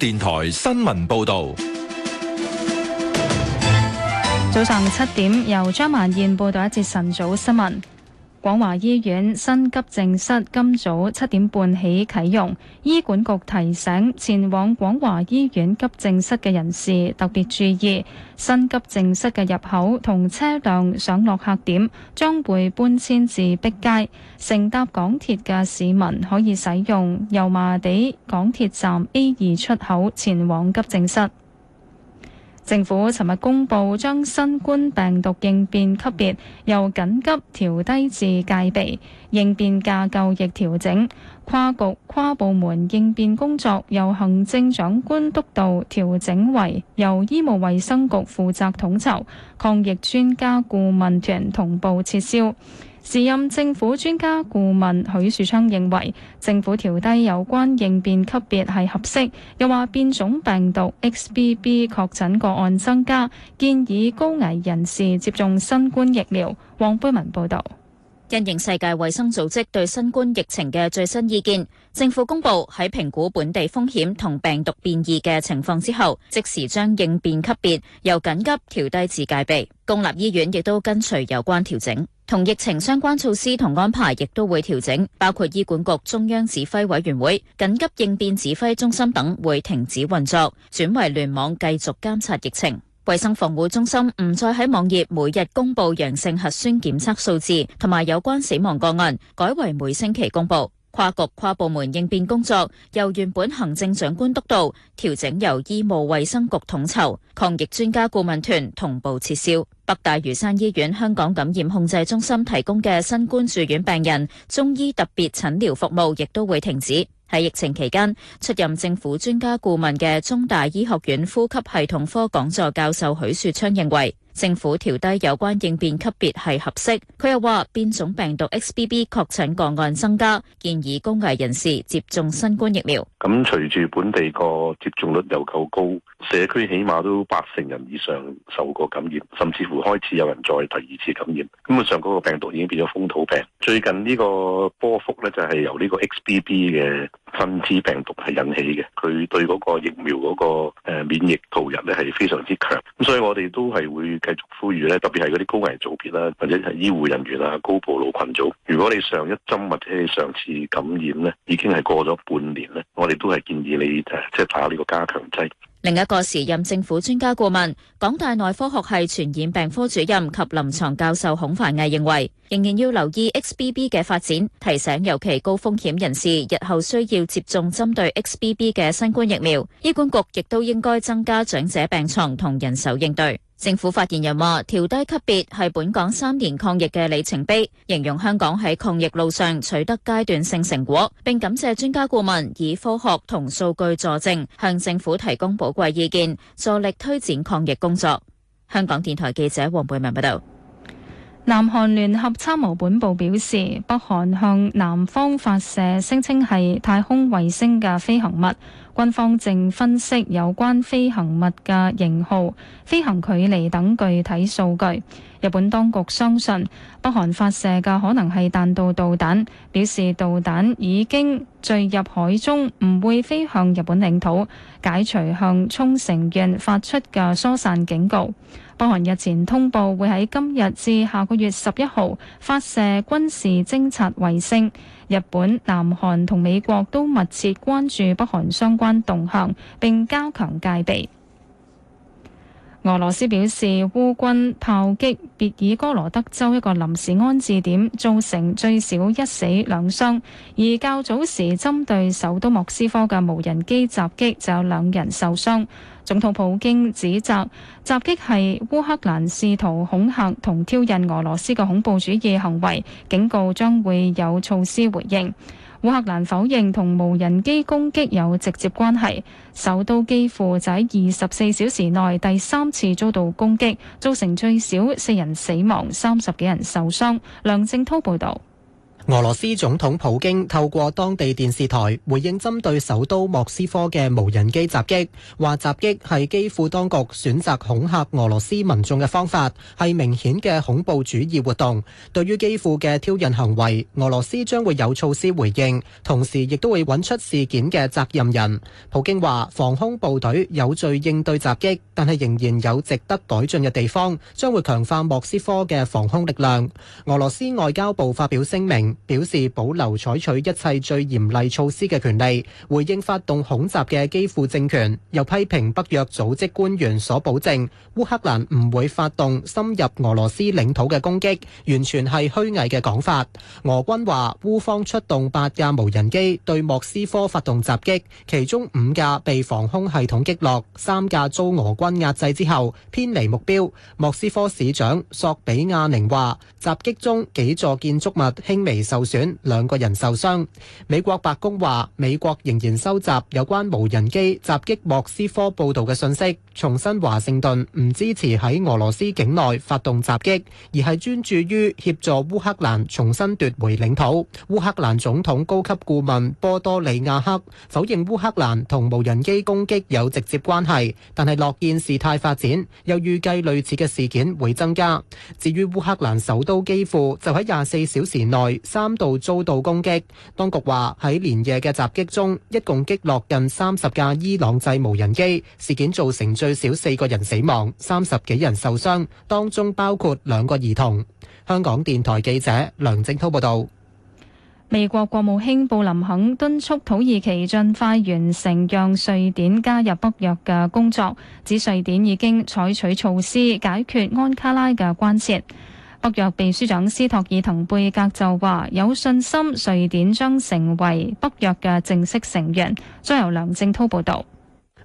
電台新聞報道。早上七點，由張曼燕報道一節晨早新聞。廣華醫院新急症室今早七點半起啟用，醫管局提醒前往廣華醫院急症室嘅人士特別注意，新急症室嘅入口同車輛上落客點將會搬遷至碧街。乘搭港鐵嘅市民可以使用油麻地港鐵站 A 二出口前往急症室。政府尋日公布將新冠病毒應變級別由緊急調低至戒備，應變架構亦調整，跨局跨部門應變工作由行政長官督導調整為由醫務衛生局負責統籌，抗疫專家顧問團同步撤銷。時任政府專家顧問許樹昌認為，政府調低有關應變級別係合適，又話變種病毒 XBB 確診個案增加，建議高危人士接種新冠疫苗。黃佩文報道。因應世界衛生組織對新冠疫情嘅最新意見，政府公布喺評估本地風險同病毒變異嘅情況之後，即時將應變級別由緊急調低至戒備。公立醫院亦都跟隨有關調整，同疫情相關措施同安排亦都會調整，包括醫管局中央指揮委員會、緊急應變指揮中心等會停止運作，轉為聯網繼續監察疫情。衛生防護中心唔再喺網頁每日公布陽性核酸檢測數字同埋有關死亡個案，改為每星期公布。跨局跨部門應變工作由原本行政長官督導，調整由醫務衛生局統籌。抗疫專家顧問團同步撤銷。北大嶼山醫院香港感染控制中心提供嘅新冠住院病人中醫特別診療服務，亦都會停止。喺疫情期間出任政府專家顧問嘅中大醫學院呼吸系統科講座教授許樹昌認為，政府調低有關應變級別係合適。佢又話變種病毒 XBB 確診個案增加，建議高危人士接種新冠疫苗。咁隨住本地個接種率又夠高，社區起碼都八成人以上受過感染，甚至乎開始有人再第二次感染。咁啊，基本上嗰個病毒已經變咗風土病。最近呢個波幅呢，就係由呢個 XBB 嘅分支病毒係引起嘅，佢對嗰個疫苗嗰個誒免疫逃逸咧係非常之強。咁所以我哋都係會。繼續呼籲咧，特別係嗰啲高危組別啦，或者係醫護人員啊、高暴露群組。如果你上一針或者上次感染咧，已經係過咗半年咧，我哋都係建議你誒，即係打呢個加強劑。另一個時任政府專家顧問、港大內科學系傳染病科主任及臨床教授孔繁毅認為，仍然要留意 XBB 嘅發展，提醒尤其高風險人士日後需要接種針對 XBB 嘅新冠疫苗。醫管局亦都應該增加長者病床同人手應對。政府發言人話,調低級別係本港三年抗疫嘅里程碑,形容香港喺抗疫路上取得階段性成果,並感謝專家顧問以科學同數據助證,向政府提供寶貴意見,助力推展抗疫工作。香港電台記者黃貝文報道。南韓聯合參謀本部表示，北韓向南方發射聲稱係太空衛星嘅飛行物，軍方正分析有關飛行物嘅型號、飛行距離等具體數據。日本當局相信北韓發射嘅可能係彈道導彈，表示導彈已經墜入海中，唔會飛向日本領土，解除向沖繩縣發出嘅疏散警告。北韓日前通報會喺今日至下個月十一號發射軍事偵察衛星，日本、南韓同美國都密切關注北韓相關動向，並加強戒備。俄羅斯表示，烏軍炮擊別爾哥羅德州一個臨時安置點，造成最少一死兩傷；而較早時針對首都莫斯科嘅無人機襲擊，就有兩人受傷。總統普京指責襲擊係烏克蘭試圖恐嚇同挑釁俄羅斯嘅恐怖主義行為，警告將會有措施回應。烏克蘭否認同無人機攻擊有直接關係，首都幾乎喺二十四小時內第三次遭到攻擊，造成最少四人死亡、三十幾人受傷。梁正滔報導。俄羅斯總統普京透過當地電視台回應針對首都莫斯科嘅無人機襲擊，話襲擊係基輔當局選擇恐嚇俄羅斯民眾嘅方法，係明顯嘅恐怖主義活動。對於基輔嘅挑釁行為，俄羅斯將會有措施回應，同時亦都會揾出事件嘅責任人。普京話防空部隊有序應對襲擊，但係仍然有值得改進嘅地方，將會強化莫斯科嘅防空力量。俄羅斯外交部發表聲明。表示保留採取一切最嚴厲措施嘅權利，回應發動恐襲嘅基輔政權，又批評北約組織官員所保證烏克蘭唔會發動深入俄羅斯領土嘅攻擊，完全係虛偽嘅講法。俄軍話烏方出動八架無人機對莫斯科發動襲擊，其中五架被防空系統擊落，三架遭俄軍壓制之後偏離目標。莫斯科市長索比亞寧話襲擊中幾座建築物輕微受損，兩個人受傷。美國白宮話，美國仍然收集有關無人機襲擊莫斯科報道嘅信息。重申華盛頓唔支持喺俄羅斯境內發動襲擊，而係專注於協助烏克蘭重新奪回領土。烏克蘭總統高級顧問波多利亞克否認烏克蘭同無人機攻擊有直接關係，但係樂見事態發展，又預計類似嘅事件會增加。至於烏克蘭首都基輔，就喺廿四小時內三度遭到攻擊，當局話喺連夜嘅襲擊中，一共擊落近三十架伊朗製無人機。事件造成最少四個人死亡，三十幾人受傷，當中包括兩個兒童。香港電台記者梁正濤報道，美國國務卿布林肯敦促土耳其盡快完成讓瑞典加入北約嘅工作，指瑞典已經採取措施解決安卡拉嘅關切。北約秘書長斯托爾滕貝格就話有信心瑞典將成為北約嘅正式成員。將由梁正濤報道。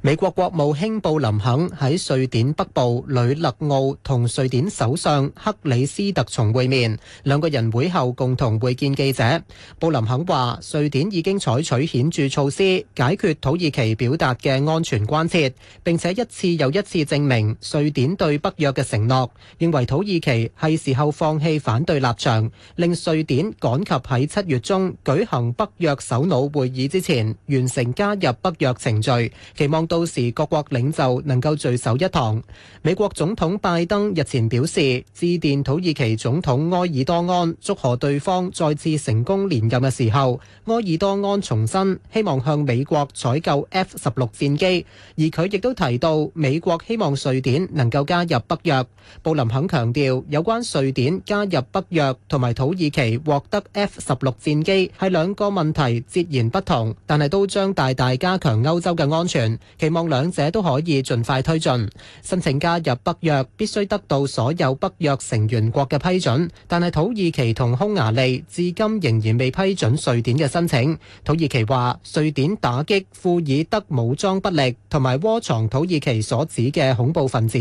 美國國務卿布林肯喺瑞典北部呂勒奧同瑞典首相克里斯特松會面，兩個人會後共同會見記者。布林肯話瑞典已經採取顯著措施，解決土耳其表達嘅安全關切，並且一次又一次證明瑞典對北約嘅承諾，認為土耳其係時候放棄反對立場，令瑞典趕及喺七月中舉行北約首腦會議之前完成加入北約程序，期望到到時各國領袖能夠聚首一堂。美國總統拜登日前表示，致電土耳其總統埃爾多安，祝賀對方再次成功連任嘅時候，埃爾多安重申希望向美國採購 F 十六戰機，而佢亦都提到美國希望瑞典能夠加入北約。布林肯強調，有關瑞典加入北約同埋土耳其獲得 F 十六戰機係兩個問題截然不同，但係都將大大加強歐洲嘅安全。期望兩者都可以盡快推進。申請加入北約必須得到所有北約成員國嘅批准，但係土耳其同匈牙利至今仍然未批准瑞典嘅申請。土耳其話，瑞典打擊庫爾德武裝不力，同埋窩藏土耳其所指嘅恐怖分子。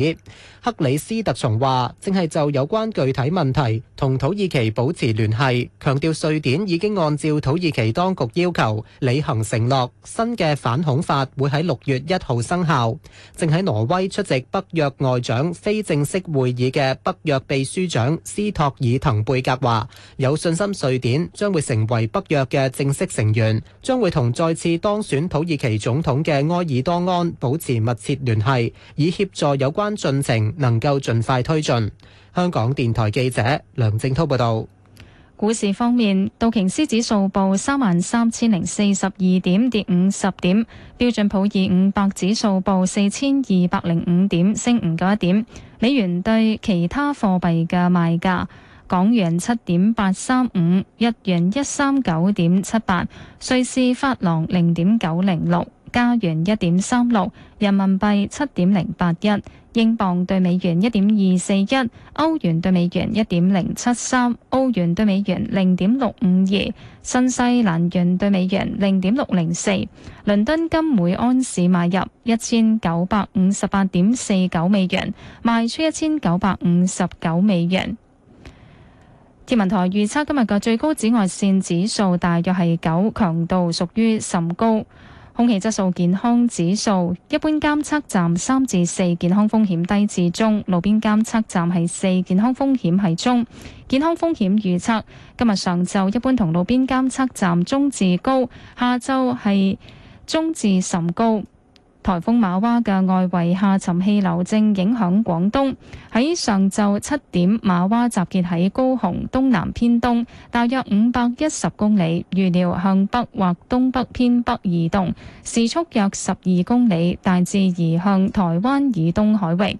克里斯特松話，正係就有關具體問題同土耳其保持聯繫，強調瑞典已經按照土耳其當局要求履行承諾，新嘅反恐法會喺六月一號生效。正喺挪威出席北約外長非正式會議嘅北約秘書長斯托爾滕貝格話：有信心瑞典將會成為北約嘅正式成員，將會同再次當選土耳其總統嘅埃爾多安保持密切聯繫，以協助有關進程能夠盡快推進。香港電台記者梁正滔報導。股市方面，道瓊斯指數報三萬三千零四十二點跌五十點，標準普爾五百指數報四千二百零五點升五點九一點。美元對其他貨幣嘅賣價，港元七點八三五，日元一三九點七八，瑞士法郎零點九零六。加元一點三六，36，人民幣七點零八一，英鎊對美元一點二四一，歐元對美元一點零七三，歐元對美元零點六五二，新西蘭元對美元零點六零四。倫敦金每安士買入一千九百五十八點四九美元，賣出一千九百五十九美元。天文台預測今日嘅最高紫外線指數大約係九，強度屬於甚高。空氣質素健康指數，一般監測站三至四，健康風險低至中；路邊監測站係四，健康風險係中。健康風險預測，今日上晝一般同路邊監測站中至高，下晝係中至甚高。台風馬娃嘅外圍下沉氣流正影響廣東。喺上晝七點，馬娃集結喺高雄東南偏東，大約五百一十公里，預料向北或東北偏北移動，時速約十二公里，大致移向台灣以東海域。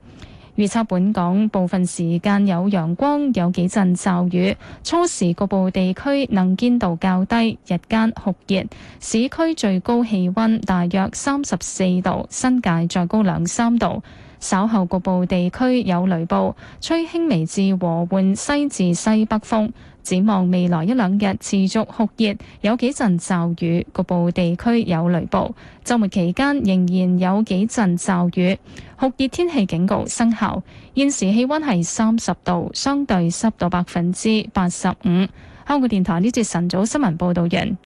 預測本港部分時間有陽光，有幾陣驟雨。初時局部地區能見度較低，日間酷熱，市區最高氣温大約三十四度，新界再高兩三度。稍後局部地區有雷暴，吹輕微至和緩，西至西北風。展望未來一兩日持續酷熱，有幾陣驟雨，局部地區有雷暴。週末期間仍然有幾陣驟雨，酷熱天氣警告生效。現時氣溫係三十度，相對濕度百分之八十五。香港電台呢節晨早新聞報道完。